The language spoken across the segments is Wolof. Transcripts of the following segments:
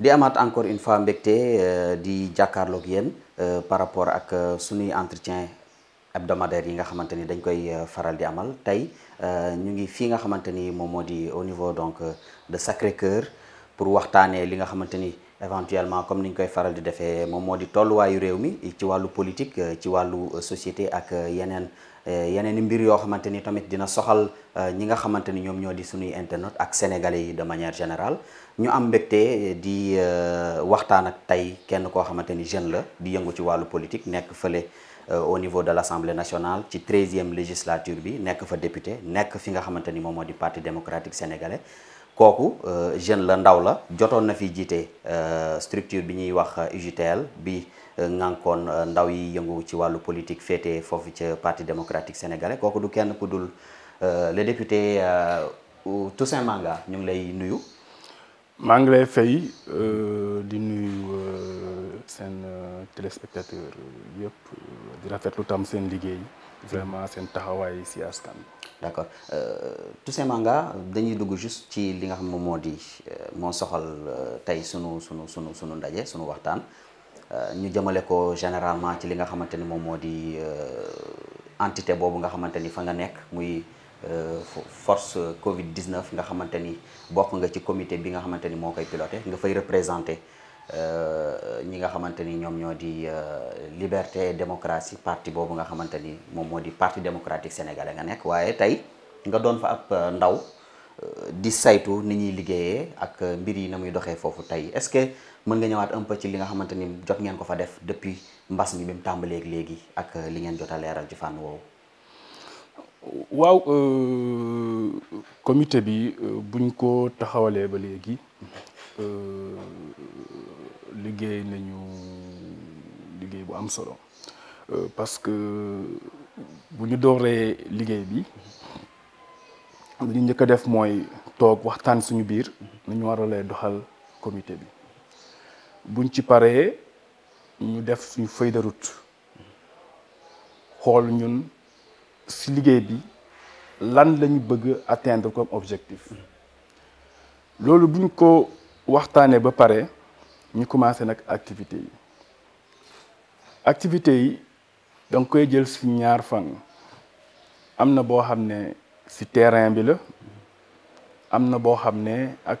di amaat encore une fois mbégte euh, di jàkkaarloog yéen euh, par rapport ak euh, suñuy entretien hebdomadaire yi nga xamante ni dañ koy faral di amal tey ñu ngi fii nga xamante ni moom moo di au niveau donc de Sacré-Cœur pour waxtaanee li nga xamante ni éventuellement comme ni ñu koy faral di defee moom moo di tolluwaayu réew mi ci wàllu politique ci wàllu société ak yeneen Eh, yeneen i mbir yoo xamante ni tamit dina soxal eh, ñi nga xamante ni ñoom ñoo di suñuy internet ak sénégalais yi de manière générale ñu am mbégte eh, di waxtaan ak tey kenn koo xamante ni jeune la di yëngu ci wàllu politique nekk fële au niveau de l'Assemblée nationale ci treizième législature bi nekk fa député nekk fi nga xamante ni moom moo di parti démocratique sénégalais kooku jeune la ndaw la jotoon na fi jiite structure bi ñuy wax UJTL bi. ngànkoon euh, ndaw yi yëngu ci wàllu politique féete foofu ci parti démocratique sénégalais kooku du kenn ku dul euh, le député euh, Toussaint Manga ñu ngi lay nuyu. maa ngi lay fay di nuyu seen téléspectateur yëpp di rafetlu tam seen liggéey vraiment seen taxawaay si askan d' accord Toussaint Manga dañuy dugg juste ci li nga xam moom moo di moo soxal tey sunu sunu sunu sunu ndaje sunu waxtaan Euh, ñu jëmale ko généralement ci li nga xamante ni moom moo di euh, entité boobu nga xamante ni fa nga nekk muy euh, force Covid 19 nga xamante ni bokk nga ci comité bi nga xamante ni moo koy piloté nga fay représenté ñi nga xamante ni ñoom ñoo di liberté démocratie parti boobu nga xamante ni moom moo di parti démocratique sénégalais nga nekk waaye tey nga doon fa ab ndaw di saytu ni ñuy liggéeyee ak mbir yi na muy doxee foofu tey mën nga ñëwaat un peu ci li nga xamante ni jot ngeen ko fa def depuis mbas mi bi mu tàmbalee léegi ak euh, li ngeen jot a leeral ci fànn woowu. waaw euh, comité bi euh, buñ ko taxawalee ba léegi liggéey nañu liggéey bu am solo parce que bu ñu dooree liggéey bi li njëkk a def mooy toog waxtaan suñu biir nu ñu war a doxal comité bi. buñ ci paree ñu def suñu feuille route xool ñun si liggéey bi lan lañu bëgg atteindre comme objectif loolu buñ ko waxtaanee ba pare ñu commencé nag activité yi activité yi danga koy jël si ñaar fan am na boo xam ne si terrain bi la am na boo xam ne ak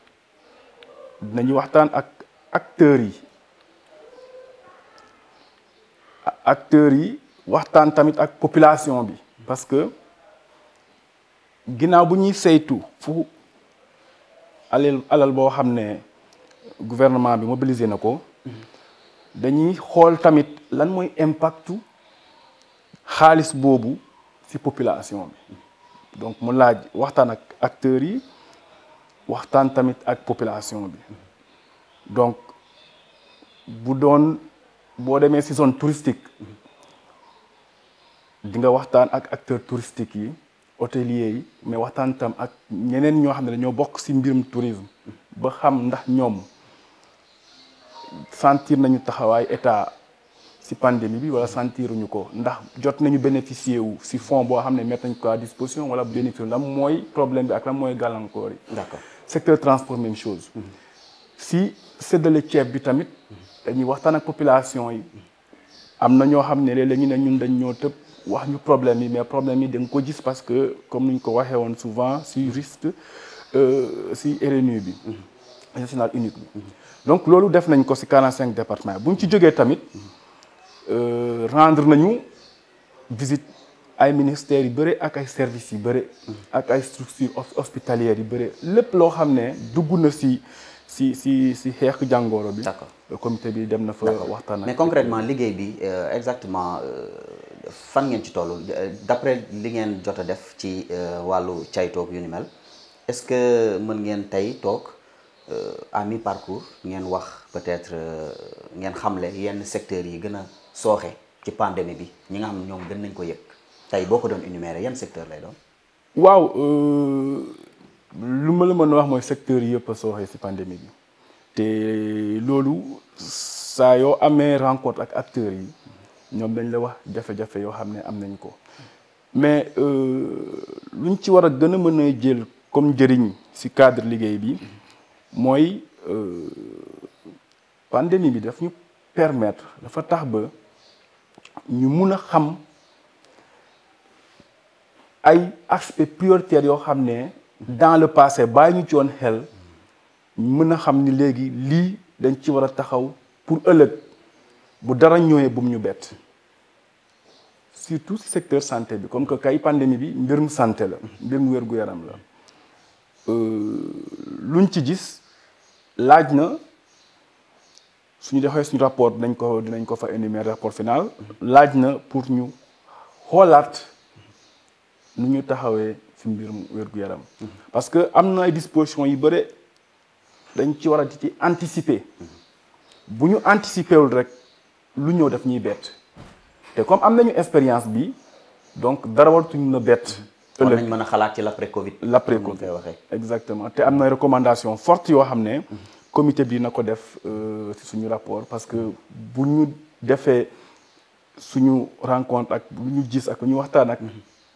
dinañu waxtaan ak acteurs yi acteurs yi waxtaan tamit ak population bi parce que ginaaw bu ñuy saytu fu alal alal boo xam ne gouvernement bi mobilisé na ko dañuy xool tamit lan mooy impactu xaalis boobu ci population bi donc mu laaj waxtaan ak acteurs yi waxtaan tamit ak population bi donc bu doon boo demee si zone touristique di nga waxtaan ak acteurs touristiques yi hôtelier yi mais waxtaan tam ak ñeneen ñoo xam ne dañoo bokk si mbirum tourisme ba xam ndax ñoom sentir nañu taxawaay état si pandémie bi wala sentiruñu ko ndax jot nañu bénéficier wu si fonds boo xam ne mettre nañ ko à disposition wala bénéficier lan mooy problème bi ak lan mooy gàllankoor yi d'accord secteur transport même chose mm-hmm. si c'est de l'équipe bi tamit dañuy waxtaan la population yi am na ñoo xam ne ñun wax ñu problème yi mais problème yi ko parce que comme nous ñu ko souvent si risque euh, si RNU bi mm-hmm. national unique mm-hmm. donc loolu def nañ ko si 45 départements bu ñu ci jógee tamit euh, rendre nañu visite ay ministère yu bëri ak ay services yu bëri ak ay structures hospitalières yu bëri lepp lo xamné dugg na si si si si xeex jàngoro bi. d'accord comité bi dem na fa waxtaan. mais concrètement liguey bi euh, exactement euh, fan ngeen ci toll euh, d'après li ngeen jotta def ci wàllu caytoog yu ni mel est-ce que mën ngeen tey toog. à mi-parcours ngeen wax peut-être ngeen xamlé yenn secteur yi gëna soxé ci pandémie bi ñi nga xam ne gën nañ ko yëg tey boo ko doon énumérer yan secteur lay doon. waaw euh, lu ma la mën a wax mooy secteur yëpp a sooxee si pandémie bi te loolu saa yoo amee rencontre ak acteurs yi ñoom dañ la wax jafe-jafe yoo xam ne am nañ ko mais euh, luñ ci war a gën a mën a jël comme njëriñ si cadre liggéey bi mooy euh, pandémie bi daf ñu permettre dafa tax ba ñu mun a xam. ay aspe prioritaires yoo xam ne dans le passé bàyyi ñu ci woon xel mën a xam ni léegi lii dañ ci war a taxaw pour ëllëg bu dara ñëwee bu mu ñu bett surtout si secteur santé bi comme que kay pandémie bi mbir mu santé la mbirum wér-gu-yaram la euh, luñ ci gis laaj na suñu doxee suñu rapport dinañ ko dinañ ko fa énumérer rapport final laaj na pour ñu xoolaat Nous ñu taxawee mbirum wér yaram parce que am na ay dispositions yi bëre dañ ci wara ci anticiper bu ñu anticiper wul rek lu ñëw def ñuy bett té comme am nañu expérience bi donc dara waratuñu na bête. ëllëg nañ mën a xalaat ci l'après Covid l'après Covid exactement té amna recommandation forte yo xamné comité bi na ko def euh, ci suñu rapport parce que bu ñu defee suñu rencontre ak lu ñu gis ak ñu waxtaan ak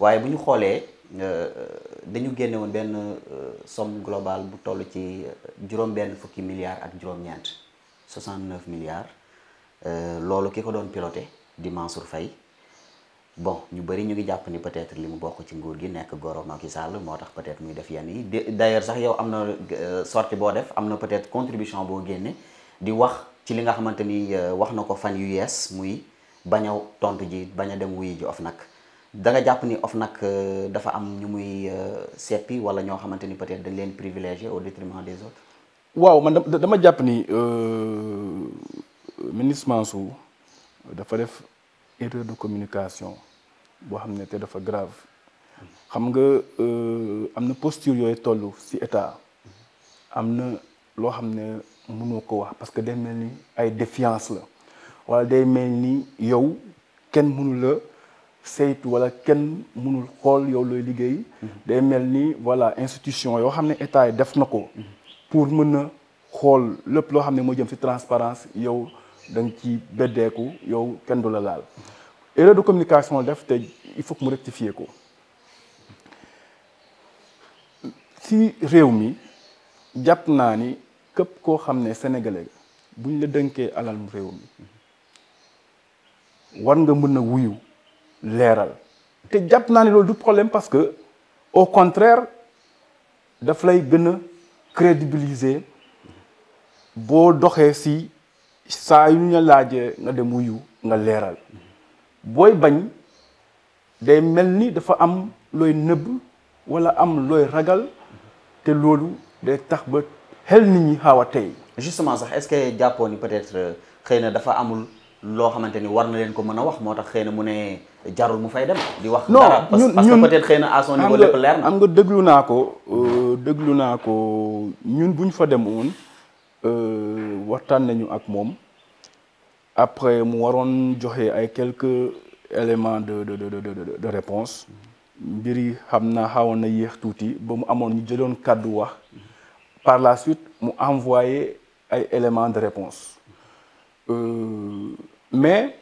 waaye bu ñu xoolee euh, euh, dañu génne won benn euh, somme globale bu toll ci juróom benn fukki milliards ak juróom-ñeent 69 milliards loolu ki ko doon piloté di Mansour Faye bon ñu bëri ñu ngi jàpp ni peut-être li mu bokk ci nguur gi goro Macky Sall moo tax peut-être muy def yenn yi d'ailleurs sax yow am na sortie boo def amna peut-être contribution bo génne di wax ci li nga xamante wax na fan U.S. yees muy bañ a tontu ji bañ dem ji of da jàpp ni OFNAC euh, dafa am ñu muy euh, seppi wala ñoo xamante ni peut-être dañ leen privilégié au détriment des autres. waaw man dama jàpp ni euh, ministre Mansour dafa def erreur de communication boo xam ne te dafa grave xam nga am na posture yooyu toll ci état am na loo xam ne mënoo ko wax parce que day mel ni ay défiance la wala day mel ni yow kenn mënu la. saytu wala kenn mënul xool yow looy liggéey. Mhm. day mel ni voilà institution yoo xam ne état yi def na ko. Mhm. pour mën a xool lépp loo xam ne moo jëm si transparence yow da nga ci beddeeku yow kenn du la laal. erreur de communication def te il faut mu rectifier ko si réew mi jàpp naa ni képp koo xam ne sénégalais buñ la dënkee alal réew mi war nga mën na wuyu. leeral te jàpp naa ne loolu du problème parce que au contraire dafa lay gën a crédibiliser boo doxee si saa yu ñu la laaje nga dem wuyu nga leeral booy bañ day mel ni dafa am looy nëbb walla am looy ragal te loolu day tax ba xel nit ñi xaaw a tey justement sax est jàppoo ni peut euh, xëy na dafa amul lo xamanteni war na len ko meuna wax motax xeyna xëy mu ne jarul mu fay dem. di wax dara parce que peut-être xeyna na à son niveau lépp leer na. am nga déglu nako ko euh, déglu naa ñun buñ fa dem woon euh waxtaan nañu ak mom après mu waroon joxe ay quelques éléments de de de de de de réponse mbir yi xam naa xawoon na ba mu amone ñu jëloon cadeau wax par la suite mu envoyer ay éléments de réponse. euh mais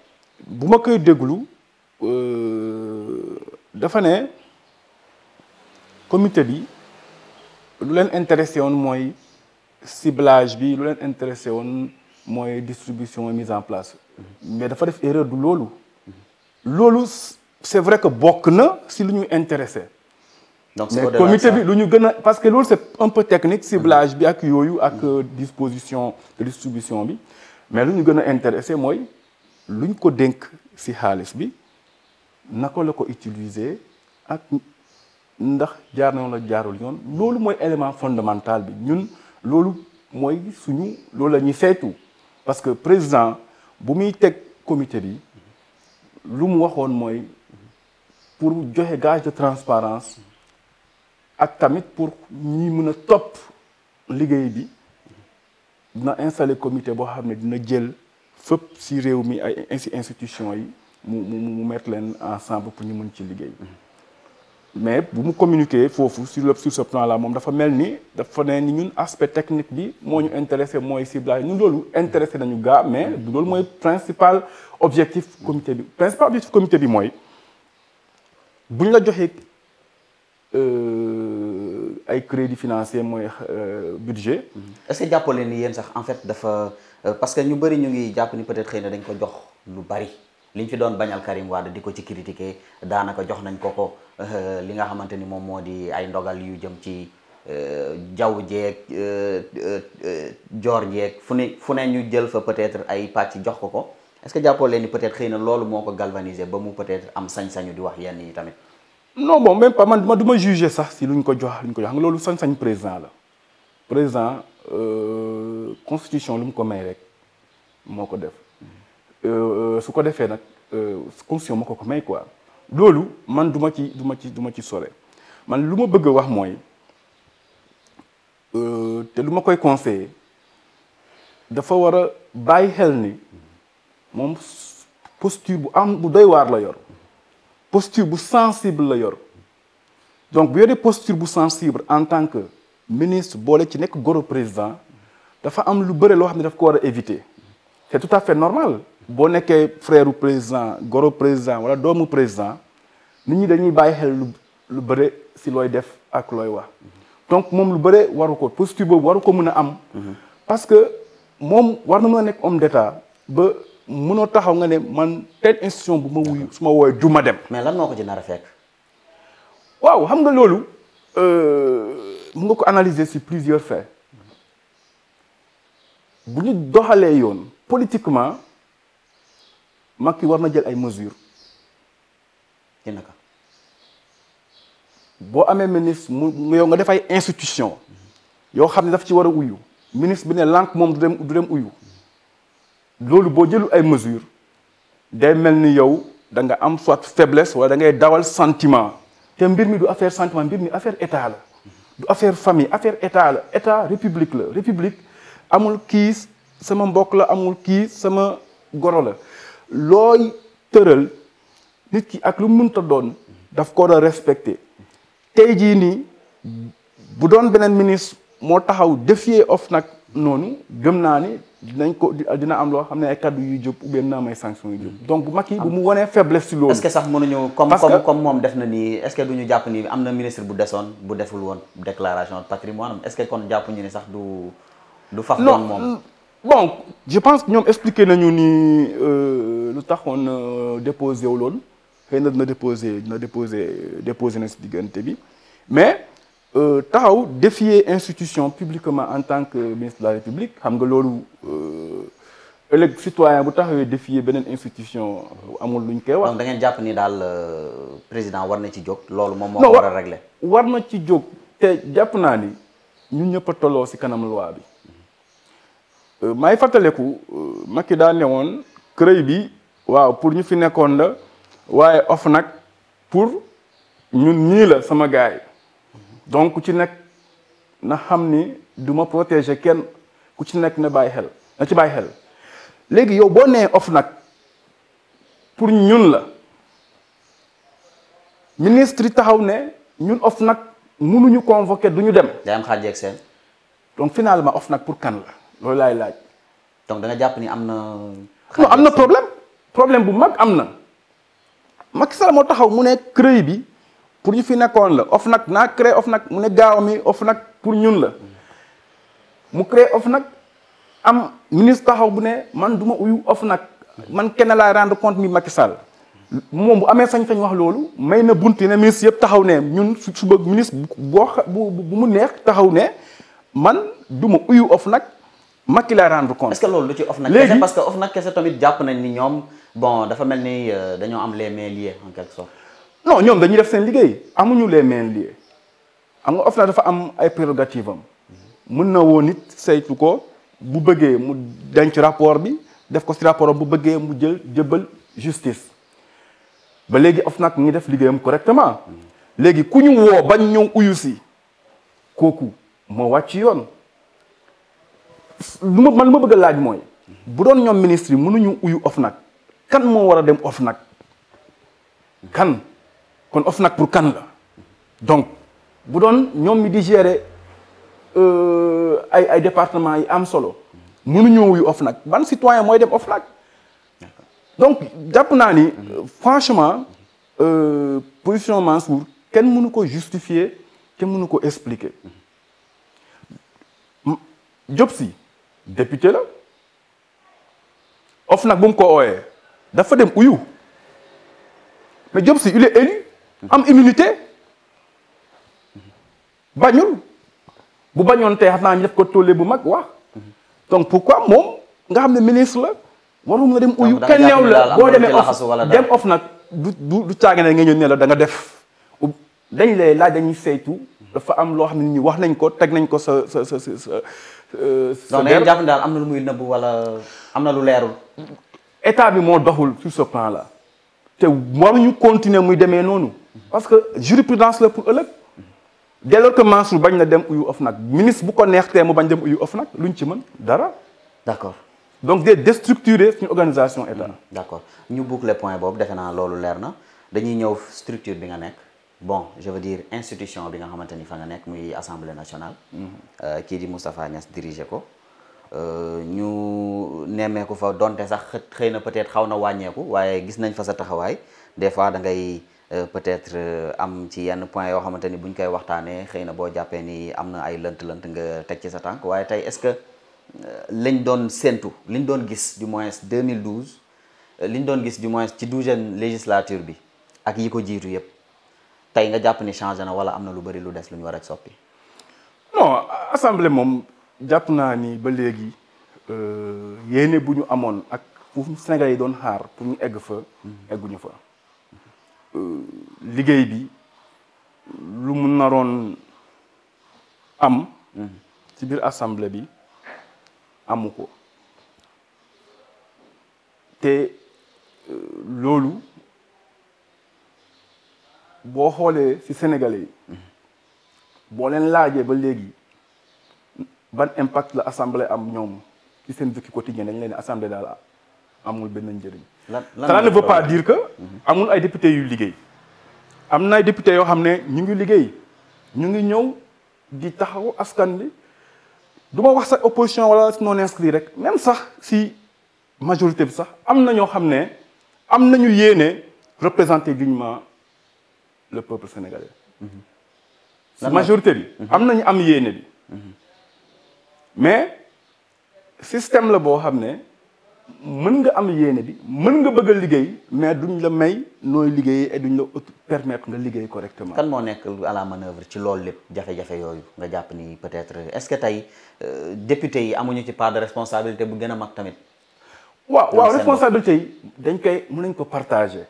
bu ma koy déglu euh, dafa ne comité bi lu leen intéressé woon mooy ciblage bi lu intéressé woon mooy distribution mise en place mais dafa def erreur du loolu loolu c'est vrai que bokk na si lu ñu intéressé donc mais comité bi lu ñu gën parce que loolu c'est un peu technique ciblage mm-hmm. bi ak yooyu ak euh, disposition de distribution bi mais lu ñu gën intéressé mooy luñ ko denk ci xaalis bi nako la ko utiliser ak ndax jaar na la jaarul yoon lolu moy élément fondamental bi ñun lolu moy suñu lolu la ñuy saytu parce que président bu muy tek comité bi lu mu waxone moy pour joxe gage de transparence ak tamit pour ñi mëna top liggéey bi dina installer comité bo xam dina jël fep si réew mi ay institution yi mu mu mu mettre ensemble pour ñu mun ci liguey mais bu mu communiquer fofu sur le sur ce plan là mom dafa melni ni dafa ne ni ñun aspect technique bi moo ñu intéressé moy ciblage ñun lolu intéressé nañu ga mais du loolu principal objectif comité bi principal objectif comité bi moy buñ la la euh ay crédit financier mooy euh, budget. est-ce que ni yeen sax en fait dafa. Euh, parce que ñu bëri ñu ngi jàpp ni peut-être xëy dañ ko jox lu bari li fi doon bañal Karim Wade di ko ci critiquer daanaka jox nañ ko ko euh, li nga ni moom di ay ndogal yu jëm ci euh, jaww jeeg joor jeeg fu ne fu ne ñu jël fa peut-être ay pàcc jox ko ko est-ce que jàppoo ni peut-être xëy na loolu galvaniser ba mu peut-être am sañ-sañu di wax yenn yi tamit. non bon même pas man du juger sax si luñ ko jox luñ ko jox nga sañ-sañ président la président. Euh, constitution lu ko may rek Ce def euh, su ko euh, constitution ko may quoi lolou man du ci du ci duma ci sore man luma bëgg wax te posture la posture sensible la yor donc bu une posture sensible en tant que ministre qui ci nek goro président dafa am lu éviter C'est tout à fait normal vous frère président goro président wala doomu président nit dañuy baye xel lu si def ak donc mom lu waru ko posture am. Mhm. parce que mom war na pas nek homme d'état ba taxaw nga ne man telle institution bu ma wuy suma mais lan moko waaw xam nga euh, mun nga ko analyser ci plusieurs faits bu ñu doxalee yoon politiquement Macky war na jël ay mesures ci naka boo amee ministre mu yow nga def ay institution yoo xam ne daf ci war a uyu ministre bi ne lànk moom du dem du dem uyu loolu boo jëlul ay mesures day mel ni yow da nga am soit faiblesse wala da ngay dawal sentiment te mbir mi du affaire sentiment mbir mi affaire état du affaire famille affaire état la état république la république amul kiis sama mbokk la amul kii sama goro la looy tëral nit ki ak lu mënta doon daf ko doon respecté tey jii nii bu doon beneen ministre moo taxaw défier nag noonu gëm naa ni dinañ ko dina am loo xam ne ay kaddu yuy jóg ou bien dina am ay sanctions yuy jóg mm-hmm. donc bu Macky bu mu wanee faiblesse si loolu. est-ce que sax mënuñu comme comme comme moom def na nii est-ce que duñu jàpp ni am na ministre bu desoon bu deful woon déclaration patrimoine est-ce que kon jàpp ñu ni sax du du faf doon moom mm, bon je pense que ñoom expliqué nañu ni euh, lu taxoon euh, déposé wu loon xëy na dina déposé dina déposé déposé na si diggante bi mais Euh, taxaw défier institution publiquement en tant que ministre de la république xam nga lolu loolu euh, ëllëg citoyen bu taxawee défier benen institution euh, amul lu ñu koy wax. donc da ngeen japp ni dal président war na ci jog lolu mom mo wara régler. war na ci jog te japp na ni ñun ñëpp tolo ci kanam loi bi Euh maay fàttaleku Macky da ne woon bi waaw pour ñu fi nekkoon la waye OFNAC nak pour ñun ñii la sama gaay donc ku ci nekk na xam ni duma ma protéger kenn ku ci nekk na bàyyi xel na ci bàyyi xel léegi yow boo nee nag pour ñun la ministre taxaw ne ñun nag munuñu convoquer du ñu dem. day am xaar jeeg seen. donc finalement OFNAC pour kan la loolu laay laaj. donc da jàpp ni am na. non am na problème problème bu mag am na Macky Sall moo taxaw mu ne CREI bi. pour ñu fi nekkoon la OFNAC naa créé nag mu ne gaaw mi nag pour ñun la mu créé nag am ministre taxaw bu ne man du ma uyu nag man kenn laa rendre compte mi Macky Sall moom bu amee sañ-sañ wax loolu may na bunt ne ministre yëpp taxaw ne ñun su suba ministre boo bu mu neex taxaw ne man du ma uyu nag Macky laa rendre compte. est-ce que loolu lu ci OFNAC kese parce que OFNAC kese tamit jàpp nañ ni ñoom bon dafa mel ni euh, dañoo am les mains liées non ñoom dañuy def seen liggéey amuñu lee mains liées am nga OFNAC dafa am ay prérogatives am mën na woo nit saytu ko bu bëggee mu denc rapport bi def ko si rapport bu bëggee mu jël jëbbal justice ba léegi OFNAC ngi def liggéeyam correctement léegi ku ñu woo bañ ñëw uyu si kooku moo wàcc yoon lu ma man lu ma bëgg a laaj mooy bu doon ñoom ministre yi mënuñu uyu OFNAC kan moo war a dem OFNAC kan kon OFNAC pour kan la donc bu donnez ñoom mi di gérer euh, ay ay départements yi am solo pas wuyu OFNAC ban citoyen mooy dem OFNAC donc d'après naa ni franchement euh, position Mansour kenn mënu ko justifier kenn mënu ko expliquer Diop Sy député la OFNAC bu mu ko ooyee dafa dem uyu mais Diop il est élu am immunité bañul bu bañoon tey xam naa ñu def ko tollé bu mag wax donc pourquoi moom nga xam ne ministre la waroon na dem uyu kenn neew la boo demee of dem of nag du du du caage ne nga ñëw ne la danga def dañ lay laaj dañuy saytu dafa am loo xam ne ni wax nañ ko teg nañ ko sa sa sa sa donc da ngeen jàpp daal am na lu muy nëbb wala am na lu leerul état bi moo doxul sur ce plan là te waruñu continuer muy demee noonu parce que jurisprudence le, pour ëllëg dès lors que Mansour bañ na dem uyu OFNAC ministre bu ko neex tee mu bañ dem uyu OFNAC luñ ci mën dara. d' donc de déstructurer suñu organisation état. Hmm, d'accord accord ñu boucler point boobu defe naa loolu leer na dañuy ñëw structure bi nga nekk bon je veux dire institution bi nga xamante ni fa nga nekk muy assemblée nationale. Hmm. Euh, kii di Moustapha Niass diriger ko. Euh, ñu nemmeeku fa donte sax xëy na peut-être xaw na wàññeeku waaye gis nañ fa sa taxawaay des fois da ngay. Euh, peut-être euh, am ci yenn point yoo xamante ni buñ koy waxtaanee xëy na boo jàppee nii am na ay lënt-lënt nga teg ci sa tànk waaye tey est-ce que euh, liñ doon séentu liñ doon gis du moins 2012 liñ doon gis du moins ci douzième législature bi ak yi ko jiitu yépp tey nga jàpp ni changé na wala am na lu bari lu des lu war a soppi. non assemblée moom jàpp naa ni ba léegi yéene bu ñu amoon ak fu Sénégal yi doon xaar pour ñu egg fa mm-hmm. egguñu fa. Euh, liggéey bi lu mu naroon am ci biir assemblée bi amu ko te euh, loolu boo xoolee ci sénégalais boo leen laajee ba léegi ban impact la assemblée am ñoom ci seen vécu quotidien dañ leen assemblée daal amul benn njëriñ cela ne veut pas dire que amul ay député yu liguey. Amna ay député yo xamné ñu ngi Ils ñu ngi di taxaw wax sax opposition wala non inscrit même sax si majorité bi sax amna ne représenter dignement le peuple sénégalais la majorité bi mhm. am am mhm. mais système la bo mën nga am yéene bi mën nga bëgg a liggéey mais duñ la may nooy liggéey et duñ la permetre nga liggéey correctement. kan moo nekk à la manœuvre ci loolu lépp jafe-jafe yooyu nga jàpp ni peut-être est-ce que tey euh, député yi amuñu ci part de responsabilité bu gën a mag tamit. waaw waaw responsabilité yi dañ koy mën nañ ko partager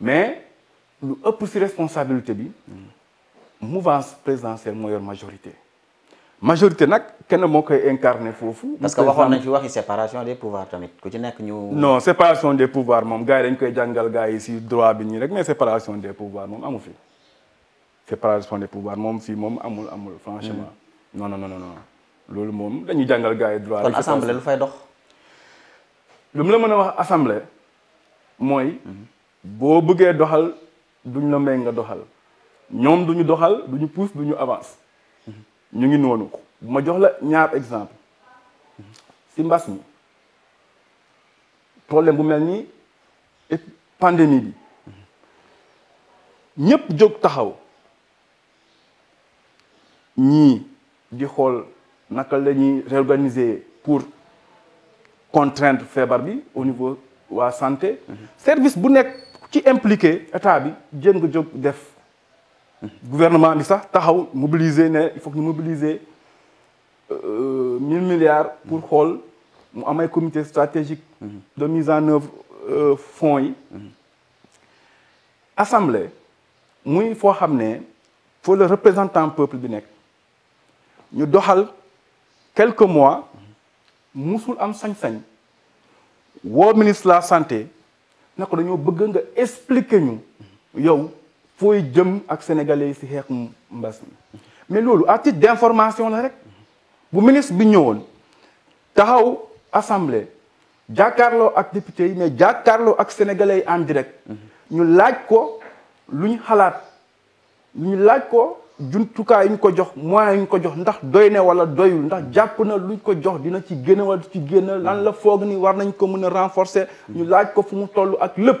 mais lu ëpp si responsabilité bi mouvance présidentielle moo majorité. majorité nak kenn mo koy incarner fofu parce que waxon nañ fi waxi séparation des pouvoirs tamit ku ci nek ñu. non séparation des pouvoirs mom gars dañ koy jangal gaay ci droit bi nii rek mais séparation des pouvoirs mom amu fi séparation des pouvoirs mom fi mom amul amul franchement. Hmm. non non non non loolu mom dañuy jangal gaay droit. kon assemblée lu fay dox. lu mu la mën wax assemblée moy hmm. bo bëggee doxal duñ la may nga doxal ñom duñu doxal duñu pousse duñu avance. Je ngi vous ma jox exemple si Le le problème bu la pandémie Nous avons di pour contraindre faire au niveau la santé mhm. service qui qui ci impliqué le gouvernement a sax taxaw mobiliser il faut que mobilise euh, milliards pour xool mu am un comité stratégique de mise en œuvre euh, fonds assemblée muy faut que ne le représentant peuple bi nekk ñu quelques mois musul am sañ-sañ le ministre de la santé nous ko expliquer ñu fooy jëm ak sénégalais yi si xeex mbas mais loolu à titre information la rek bu ministre bi ñëwoon taxaw assemblée jàkkaarloo ak député yi mais jàkkaarloo ak sénégalais yi en direct ñu laaj ko lu ñu xalaat lu ñu laaj ko jumtukaay yi ñu ko jox moyens yi ñu ko jox ndax doy ne wala doyul ndax jàpp na lu ñu ko jox dina ci génn ci génn lan la foog ni war nañ ko mën a renforcer ñu laaj ko fu mu toll ak lépp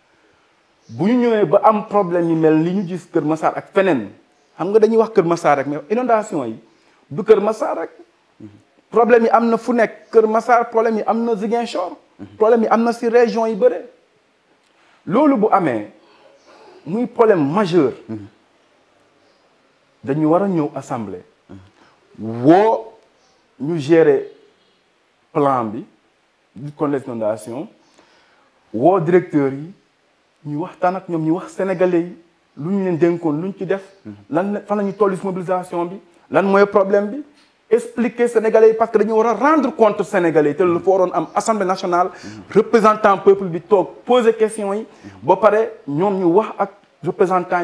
bu ñu ñëwee ba am problème yi mel li ñu gis Kër Massar ak feneen xam nga dañuy wax Kër Massar rek mais inondation yi du Kër Massar rek problème yi am na fu nekk Kër Massar problème yi am na Ziguinchor problème yi am na si région yi bëre loolu bu amee muy problème majeur dañu war a ñëw assemblée woo ñu gérer plan bi lutte contre les inondations woo directeurs yi Nous waxtaan ak ñom sénégalais yi lu ñu leen dénkoon nous ci def. lan la fan la mobilisation bi. lan mooy problème bi expliquer sénégalais parce que dañu war rendre compte sénégalais te lu l'Assemblée am nationale. représentant peuple bi toog poser des questions, ba pare ñoom ñu wax ak représentants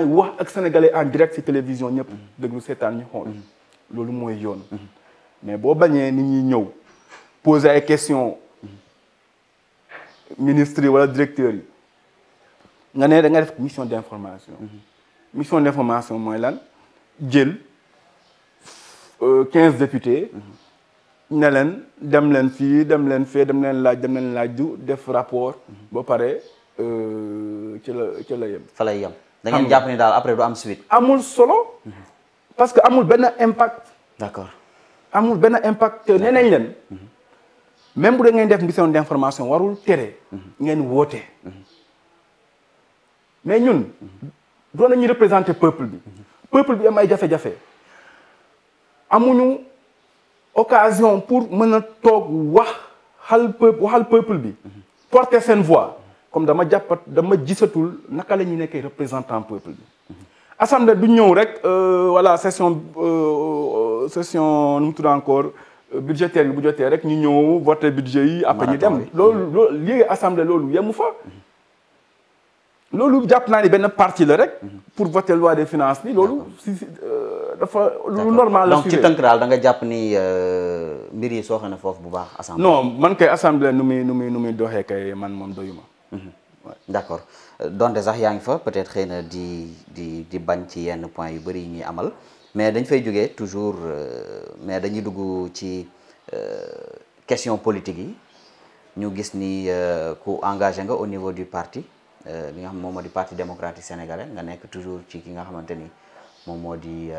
sénégalais en direct la télévision ñëpp déglu seetaan ñu yoon. mais si bañee nit ñi ñëw poser des questions ministres ou wala directeurs nga ne da nga mission d'information. La mhm. mission d'information euh, députés. Mhm. ne dem leen dem dem dem def rapport. ci ci suite. amul solo. Mhm. parce que amul impact. D'accord. amul impact même si da ngeen def mission d'information, warul tere mais nous, nous représentons représenter peuple Le peuple bi am jafé jafé. jafe amuñu occasion pour nous a wax peuple peuple bi porter sa voix comme dama jàppat dama gisatul naka la ñuy nekkee représentant peuple bi assemblée du ñëw euh, voilà session euh, euh, session nous mu encore budgétaire budgétaire, bu votre rek ñu budget yi après ñu L'Assemblée de loolu il assemblée loolu lolu japp na ni ben parti la rek. pour voter loi des finances ni lolu euh, dafa lu normal la. donc ci tënk daal da nga japp ni euh, mbir yi sooxe na foofu bu baax. assemblée non man kay assemblée nu muy nu muy kay man mom doyuma. Mhm. D'accord. accord donte sax yaa fa peut-être xëy di di di bañ ci yenn point yu bari yu amal mais dañ fay jógee toujours euh, mais dañuy dugg ci question politique yi ñu gis ni ku engagé nga au niveau du parti. li eh, nga xam di parti démocratique sénégalais eh, nga nekk toujours ci ki nga xamante ni moom di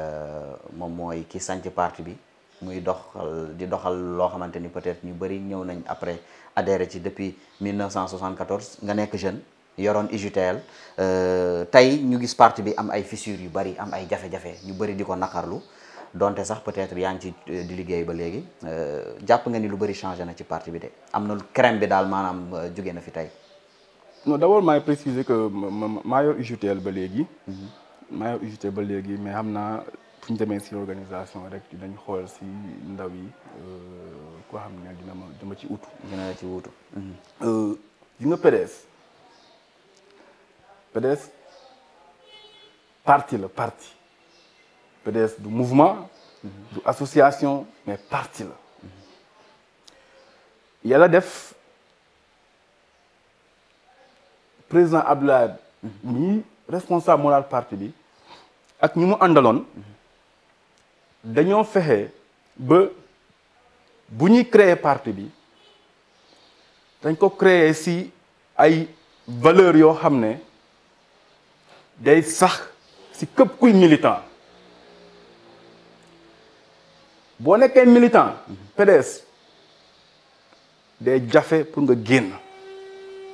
moom eh, mooy ki sanc parti bi muy doxal di doxal loo xamante ni peut-être ñu bëri ñëw nañ après adhéré ci depuis 1974 nga nekk jeune yoroon UJTL tey ñu gis parti bi am ay fissures yu am ay jafe-jafe ñu bari di konakarlu, don donte sax peut-être yaa ngi ci di liggéey ba léegi nga ni lu na ci parti bi de am na crème bi daal maanaam jóge na fi non d' abord maay préciser que maa yor UJTL ba léegi. Mm-hmm. maa yor UJTL ba léegi mais xam naa fu ñu demee si organisation rek dinañ xool si ndaw yi euh, koo xam ne dina ma dama ci utu. dina ci utu. yi mm-hmm. euh, nga PDS PDS parti la parti PDS du mouvement. Mm-hmm. du association mais parti la. yàlla def. président Abdoulaye ni responsable moral parti bi ak ñimu andalon àndaloon fexé ba buñu créer parti bi dañ ko créer si ay valeurs yo xamné day sax si kep kuy militant bo nekkee militant PDS day jafé pour nga génn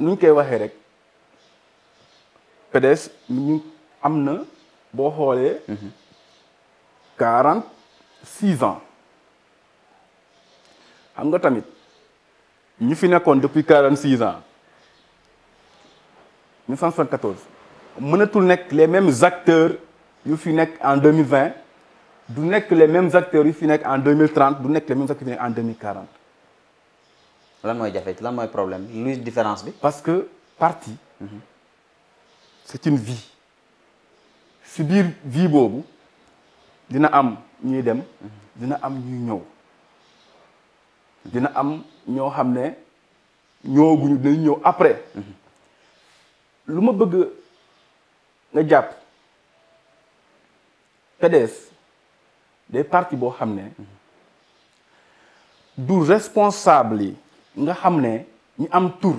Nous avons 46 rek PDS ans Nous nga tamit depuis 46 ans 1974 Nous nekk les mêmes acteurs qui fi en 2020 Nous sommes les mêmes acteurs qui fi en 2030 Nous sommes les mêmes acteurs en 2040 c'est un problème différence parce que parti. Mhm. c'est une vie si une vie vie, dina am ñuy dem. Mhm. dina am ñuy dina am guñu après. Mhm. une vie. bëgg nga une des partis une vie. responsable nga xam ne ñu am tur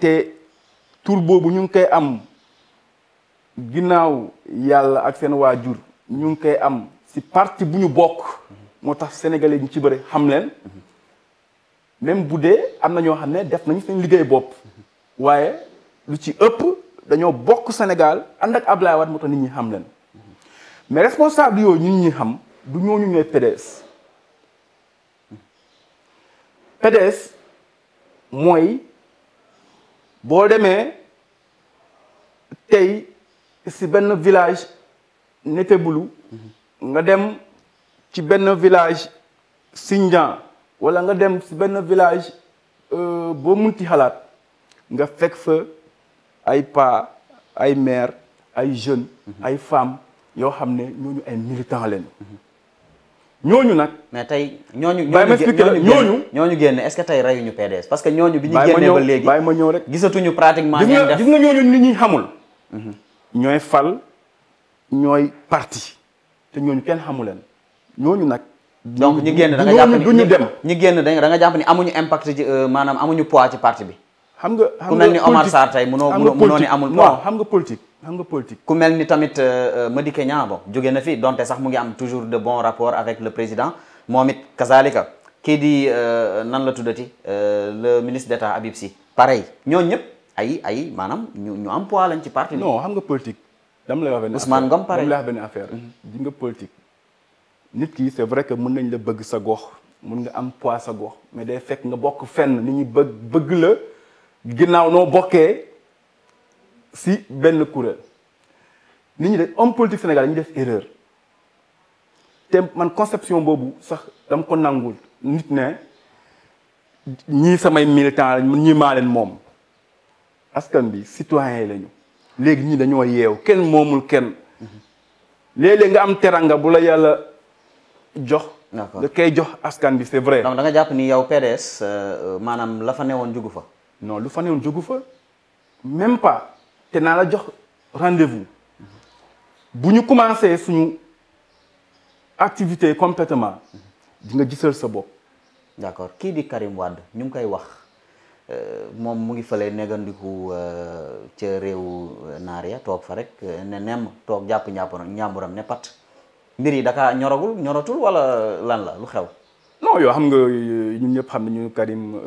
te tur boobu ñu ngi koy am ginnaaw yàlla ak seen waajur ñu ngi koy am si parti bu ñu bokk moo tax sénégalais ñu ci bëri xam leen même bu dee am na ñoo xam ne def nañu seen liggéey bopp waaye lu ci ëpp dañoo bokk Sénégal ànd ak Ablaye Wade moo tax nit ñi xam leen mais responsable yooyu ñun ñi xam du ñooñu ñooy PDS PDS mooy boo demee tey si benn village Netebulu nga dem ci benn village Sindian wala nga dem ci benn village euh, boo munti xalaat nga fekk fa ay pa ay mère ay jeunes mhm. ay femmes yoo xam ne ñooñu ay militants leen ñooñu nag. mais tey ñooñu. ñooñu ñooñu génn est-ce que tey reyuñu PDS parce que ñooñu. bi ñu génnee ba léegi bàyyi ma ñëw rek gisatuñu pratiquement. ngeen def gis nga ñooñu nit ñi xamul. Mhm. ñooy fal ñooy parti te ñooñu kenn xamu leen ñooñu nag. donc ñi génn da nga jàpp ni duñu dem ñi génn da nga jàpp ni amuñu impact ci euh, maanaam amuñu poids ci parti bi. xam nga xam nga politique ku mel ni tey munoo munoo munoo ni amul poids. xam nga politique C'est politique ku euh, euh, bon na toujours de bons rapports avec le président Mohamed kazalika qui dit euh, le ministre d'État Habib pareil nous, ñëpp ay ay un ñu poids parti non xam politique. pareil mhm. politique c'est vrai que mën nañ la bëgg sa gox mais day fekk nga pas, fenn ni bëgg bëgg la si ben le coureur. ñi de homme politique Sénégal erreur Tem man conception bobu sax ko nangul nit ne ñi samay militant ñi ma len mom askan bi citoyen lañu ñi dañoo yew kenn momul kenn lélé nga am teranga bu la yalla jox. da kay jox askan bi c'est vrai. donc da nga ni yow PDS euh, manam la fa fa. non lu fa néwon même pas te naa rendez-vous buñu commencé suñu activité complètement di nga sa d'accord Qui dit Karim wad, ñu ngi koy wax euh, mom mu ngi négandiku euh, euh, ya tok fa rek ne nem daka ñoragul ñoratul wala lan la lu xew. non yo xam nga ñun ñep xam Karim.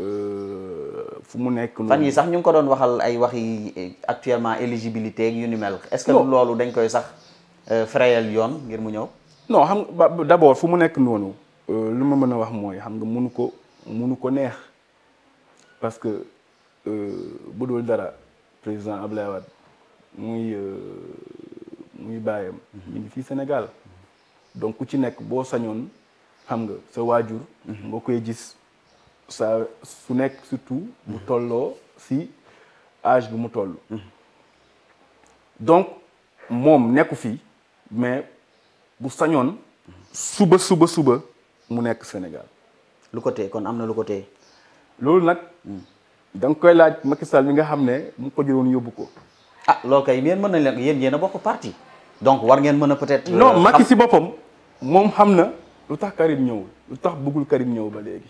fu mu nekk noonu fan yi sax ñu ngi ko doon waxal ay wax yi actuellement éligibilité ak yu ni mel est-ce que loolu dañ koy sax euh, frayel yoon ngir mu ñëw non xam nga d'abord fu mu nekk noonu euh, lu ma mën a wax mooy xam nga munu ko munu ko neex parce que euh, bu dul dara président Abdoulaye Wade muy muy bàyyam ñu mhm. ngi fii Sénégal donc ku ci nekk boo sañoon xam nga sa waajur mhm. nga koy gis sa su surtout bu mhm. tolloo si âge bi mu toll donc mom nekku fi mais bu sañone suba suba suba mu nek Sénégal lu côté kon amna lu côté lolou nak mm. dang koy laaj Macky Sall mi nga xamné mu ko jëloon yóbbu ko ah loolu kay yéen mën nañ leen yéen bokk parti donc war ngeen mën peut-être non euh, Macky si boppam moom xam na Karim ñëwul lutax bëggul Karim ñew ba légui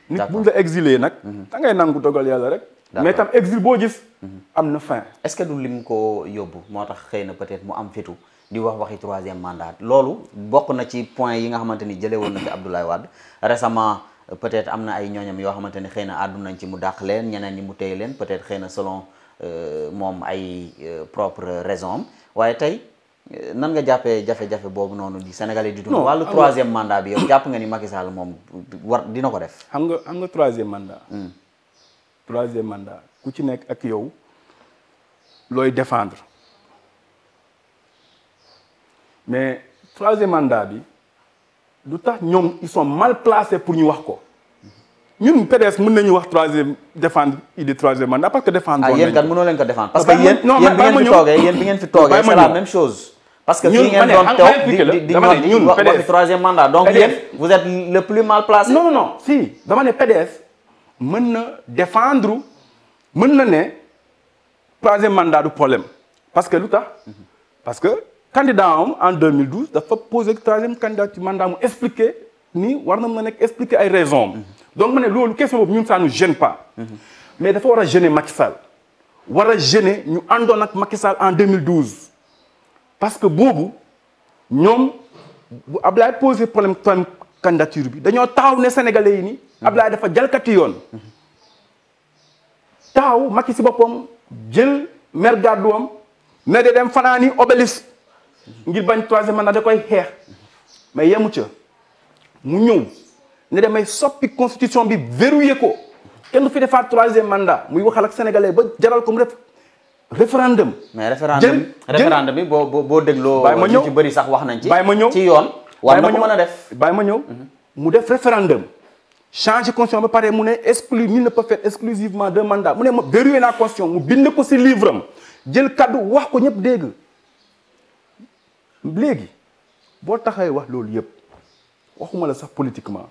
nit buñ la exilé nag. Mhm. da ngay nangu dogal yàlla rek. mais tam exil boo gis. Mhm. am na fin. est-ce que du lim ko yóbbu moo tax xëy na peut-être mu am fitu di wax waxi troisième mandat loolu bokk na ci point yi nga xamante ni jëlee woon na fi Abdoulaye Wade récemment peut-être am na ay ñooñam yoo xamante ni xëy na àddunañ ci mu dàq leen ñeneen ñi mu téye leen peut-être xëy na selon euh, moom ay euh, propre raison am waaye tey. nan nga jàppee jafe-jafe boobu noonu di sénégalais di dund. non wàllu troisième mandat bi yow jàpp nga ni Macky Sall moom war dina ko def. xam nga xam nga troisième mandat. Hmm. troisième mandat ku ci nekk ak yow looy défendre mais troisième mandat bi lu tax ñoom ils sont mal placés pour ñu wax ko. Nous PDS nous défendre le troisième mandat parce que défendre. ah défendre. parce que c'est la même chose. parce que nous, ngeen doon le troisième mandat donc vous êtes le plus mal placé. non non non. si dama le PDS mën défendre le troisième mandat du problème parce que tout parce que candidat en 2012 poser posé troisième candidat du mandat expliquer ni, war na expliquer ay raisons donc nous ne question bobu ñun ça nous gêne pas. mais dafa war gêner Macky Sall. wara a gêner ñu en ak Macky Sall en 2012. parce que bobu, ñom bu Ablaye posé problème candidature bi dit taw ne sénégalais yi ni Ablaye dafa jalkati yoon. Macky jël mer de dem fanani obélis ngir bañ troisième mandat da koy mais des mu ñëw ne damay soppi constitution bi verrouillé ko kenn du fi defaat troisième mandat muy waxal ak sénégalais ba jaral ko mu def référendum. mais référendum référendum bi boo boo dégloo. bàyyi ma ñëw ci bëri sax wax nañ ci. bàyyi ma ñëw ci yoon. waaye ma ko mën a def bàyyi ma ñëw. mu def référendum. changer constitution ba pare mu ne exclu nul ne peut faire exclusivement deux mandats mu ne ma verrouillé naa constitution mu bind ko si livre am jël kàddu wax ko ñëpp dégg léegi boo taxawee wax loolu yëpp. waxuma la sax politiquement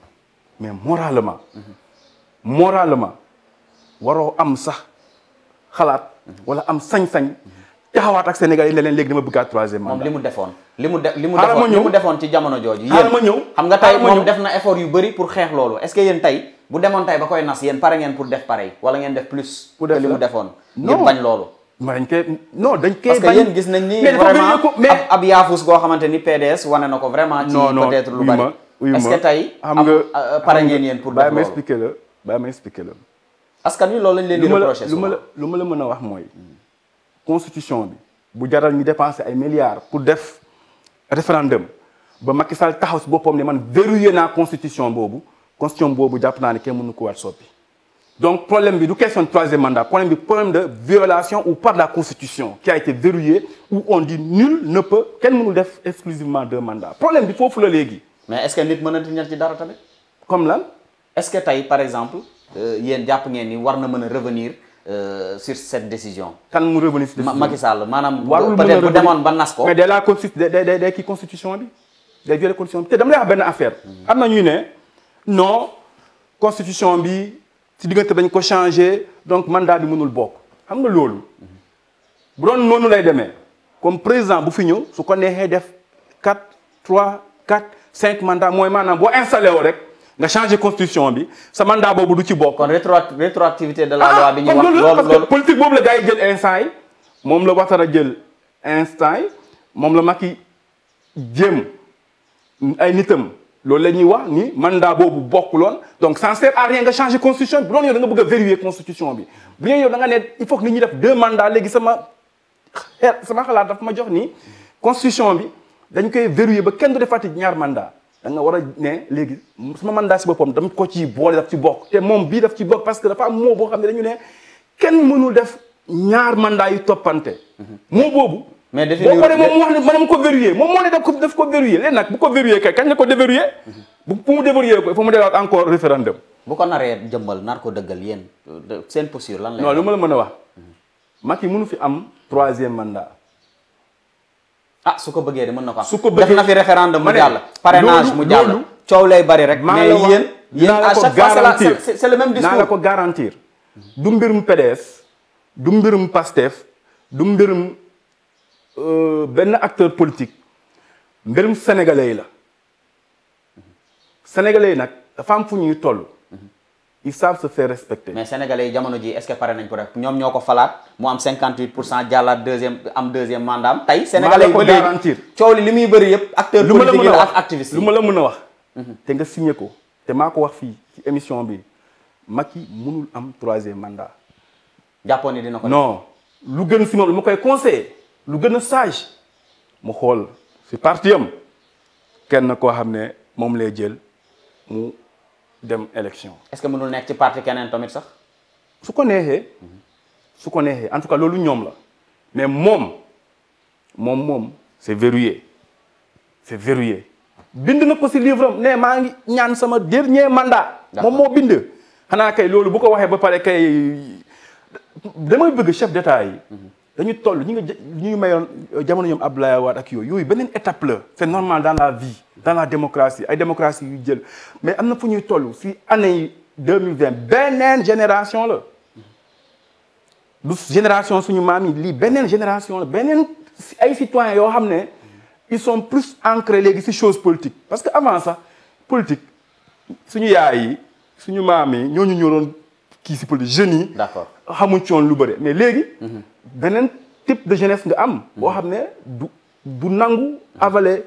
mais moralement moralement waroo am sax xalaat wala am sañ-sañ taxawaat ak Sénégal yi ne leen léegi dama bëggaat troisième mandat moom li mu defoon li mu defoon li defoon ci jamono jooju yéen xam nga tey moom def na effort yu bëri pour xeex loolu est-ce que yéen tey bu demoon tey ba nas yéen pare ngeen pour def pareil wala ngeen def plus que li mu defoon ngir bañ loolu ma dañ koy non dañ koy parce que yéen gis nañ ni vraiment ab yaafus goo xamante PDS wane na ko vraiment ci peut-être lu bari est-ce que tu as nga euh, pare ngeen pour. def m'expliquer bàyyi ma expliqué la bàyyi ma expliqué la. askan wi loolu lañ leen di reproché. lu ma la lu wax constitution bi bu jaral ñu dépensé ay milliards pour def référendum ba Macky Sall taxaw si boppam man verrouillé naa constitution boobu constitution boobu jàpp naa ne kenn mënu ko war soppi. donc problème bi du question de troisième mandat problème bi problème de violation ou par la constitution qui a été verrouillée où on dit nul ne peut kenn monde def exclusivement deux mandats problème bi foofu la léegi mais est-ce que nit mën a tiñal ci dara tamit comme lan est-ce que tay par exemple euh, yéen jàpp ngeen ni warna na revenir euh, sur cette décision. kan mu revenir sur décision Macky Sall manam peut-être bu demoon ba nas ko. mais day la consti day day day kii constitution bi day violer constitution té te lay wax ben affaire. amna ñuy né non constitution bi ci diggante bañ ko changer donc mandat bi mënul bok xam nga loolu. bu doon nonu lay démé comme président bu fi ñëw su ko neexee def 4 3 4 cinq mandats mooy maanaam boo installer woo rek nga changé constitution bi sa mandat boobu du ci bokk. kon rétroactivité de la ah, loi bi ñu wax loolu politique boobu la gars yi jël instant yi moom la Ouattara jël instant yi moom la Macky jéem ay nitam loolu la wax ni mandat boobu bokkuloon donc ça ne sert rien nga changer constitution bi loolu yow da nga bëgg vérifier constitution bi bien yow da nga ne il faut que nit ñi def deux mandats léegi sama xeet sama xalaat daf ma jox nii constitution bi dañ koy verrouiller ba kenn du defati ñaar mandat da nga war a ne léegi sama mandat si boppam dama ko ci boole daf ci bokk te moom bii daf ci bokk parce que dafa am moo boo xam ne dañu ne kenn mënul def ñaar mandat yu toppante moo boobu mais boo xoolee moom mu wax ne maanaam ko verrouiller moom moo ne daf ko daf ko verrouiller léegi nag bu ko verrouiller kay kañ la ko déverrouiller bu mu déverrouiller ko il faut mu delluwaat encore référendum bu ko naree jëmbal nar ko dëggal yéen seen posture lan lay. non lu ma la mën a wax Macky mënu fi am troisième mandat ah su ko bëggee de mën na ko am. su ko bëggee def na fi mu jàll. parrainage mu jàll coow lay bari rek. mais yéen yéen à chaque fois c'est le même discours naa la ko garantir. du mbirum PDS du mbirum PASTEF du mbirum euh, benn acteur politique mbirum sénégalais yi la sénégalais yi nag dafa am fu ñuy toll. ils savent se faire respecter. mais sénégalais est-ce que sont nañ Ils rek ñoom 58 pour cent deuxième deuxième mandat am sénégalais garantir acteur politique activiste dire, la tu wax mhm. te nga signé ko te dans wax ne ci troisième mandat. non lu gën si moom un koy conseillé sage parti dem élection. est-ce que mënul nekk ci parti keneen tamit sax. su ko neexee. su ko neexee en tout cas loolu ñoom la mais mom, mom, mom, c'est verrouillé c'est verrouillé bind na ko ci livre ne maa ngi ñaan sama dernier mandat. moom moo bind. xanaa kay loolu bu ko waxee ba pare kay damay bëgg chef d'État yi. Mhm dañu toll ñi nga ñu mayoon jamono ñoom Abdoulaye Wade ak yooyu yooyu beneen étape la c'est normal dans la vie dans la démocratie ay démocratie yu jël mais am na fu ñuy toll si année yi 2020 beneen génération la du génération suñu maam yi lii beneen génération la beneen ay citoyens yoo xam ne ils sont plus ancrés léegi si chose politique parce que avant ça politique suñu yaay yi suñu maam yi ñooñu ñoroon kii si politique jeunes yi. d'accord xamuñ ci woon lu bëri mais léegi. Mhm. beneen type de jeunesse nga am. Mhm. boo xam ne du du nangu avaler.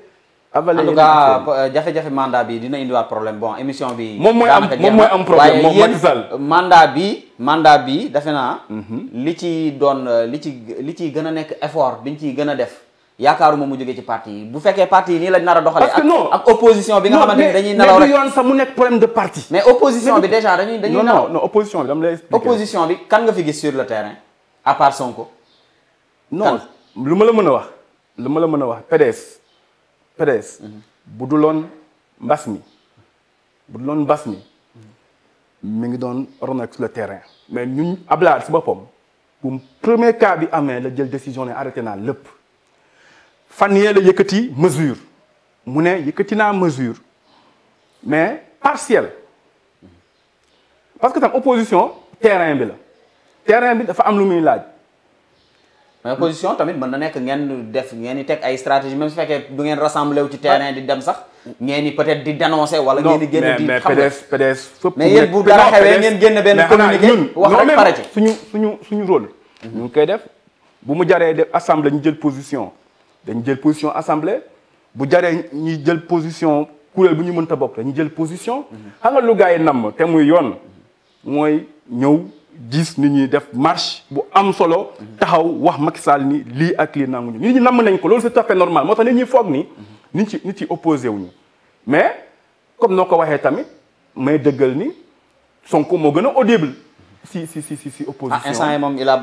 avalé en tout euh, jafe-jafe mandat bi dina indiwaat problème bon émission bi. moom mooy am moom mooy am problème moom Macky bi mandat bi defe naa. Mhm. li ci doon euh, li ci li ciy gën a nekk effort biñ ciy gën a def. Il mu a ci parti bu parti non ak opposition bi nga dañuy. mais opposition bi déjà dañuy non non non opposition bi dam lay expliquer. opposition bi kan nga fi gis sur le terrain à part Sonko. non luma la mëna wax. luma la mëna wax PDS. PDS. Mhm. bu bu mi ngi sur le terrain. mais ñun Abdoulaye si boppam bu premier cas bi la jël décision né arrêté na y mesure Il y mesure mais partielle parce que dans opposition terrain bi la terrain bi dafa am lu muy laaj. mais opposition tamit man na une stratégie. def ay stratégie même si féké du rassembler ah. terrain di dem sax peut-être di dénoncer. wala di mais PDS PDS fop mais yéen bu dara xewé ngén génn communiqué wax rek suñu suñu suñu rôle. Mhm. ñu koy def bu mu def ñu jël position a jël position assemblée bu y a une position bu ñu mënta bokk position. gars là, muy Il y marche bu am solo. taxaw wax Macky Sall ni c'est tout fait normal a ni. opposé mais comme nous tamit may ni son audible. si si si si opposition ah il a.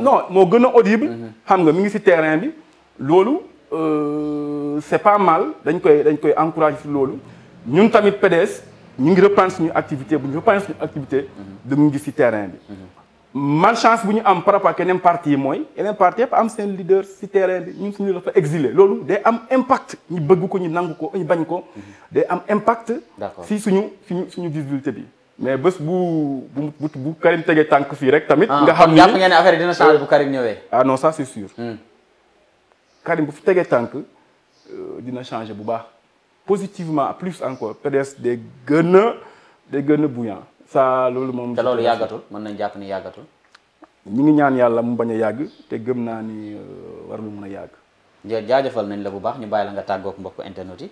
non non il gën audible. Mm-hmm. xam nga mi ngi si terrain Lolo, euh, c'est pas mal dañ koy dañ koy encourager nous ñun tamit PDS ñu ngi activité bu ñu activité mhm. terrain bi mhm. malchance bu ñu am par rapport ak parti yi parti am seen leader si terrain bi ñun suñu dafa exilé loolu day am impact ñu bëgg ko ñu nangu ko ñu bañ mhm. impact si suñu suñu suñu visibilité mais bés bu bu Karim vous, tànk fii rek tamit ah, nga xam ni ngeen affaire dina changer bu Karim ah non ça c'est sûr hmm. Karim bu faites tant que, euh, dina changer positivement plus encore PDS être des gueules, des gueules bouillants. ça loolu moom. te loolu le mën nañ jàpp ni yàggatul. ngi ñaan mu te ni euh, nga mbokk internet yi.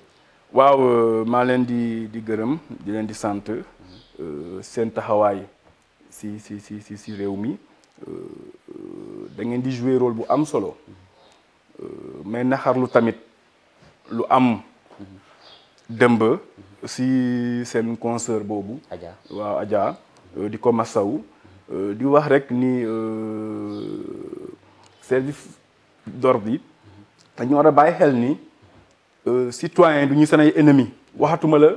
Euh, di di di di si si si si si rôle mais naxarlu tamit lu am dëmb si seen concert boobu waaw Adja euh, di ko euh, di wax rek ni euh, service d'ordre yi dañu war xel ni citoyen du ñu seen ay ennemi waxatuma la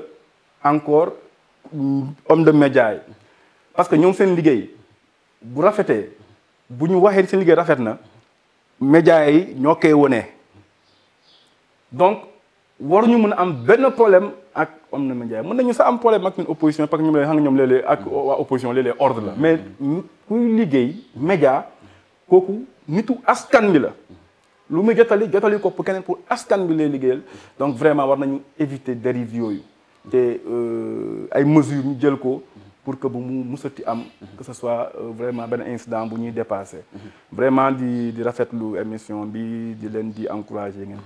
encore homme de ligai, burafete, parce que ñoom ligai liggéey bu médias yi ñoo koy donc nous a un problème avec les médias Nous mën problème avec l'opposition, parce que nous mais pour liggéey média nitu askan bi la lu pour donc vraiment nous éviter les dérives. et euh, mesures pour que bu mhm. que ce soit euh, vraiment un incident bu ñuy dépasser. Mhm. vraiment di di rafetlu émission bi di leen di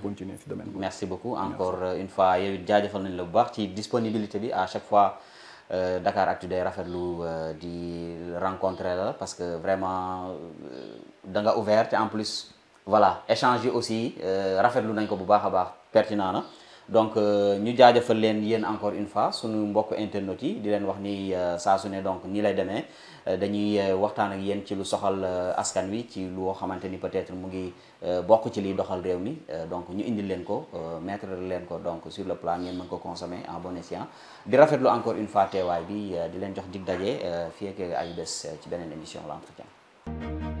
continuer ce domaine merci beaucoup encore euh, une fois il y a eu la bu baax ci disponibilité à chaque fois euh, Dakar Actu day rafetlu di rencontrer parce que vraiment da nga ouvert en plus voilà échanger aussi rafetlu nañ ko bu pertinent hein? donc euh, ñu jaajëfal leen yéen encore une fois suñu mbokk internet yi di leen wax ni euh, saa su ne donc nii lay demee euh, dañuy waxtaan ak yéen ci lu soxal askan wi ci loo xamante ni peut-être mu ngi bokk ci liy doxal réew mi donc ñu indil leen ko mettre leen ko donc sur le plan ngeen mën ko consommer en bon escient di rafetlu encore une fois teewaay bi di leen jox dig daje fii ak ay bés ci beneen émission l'entretien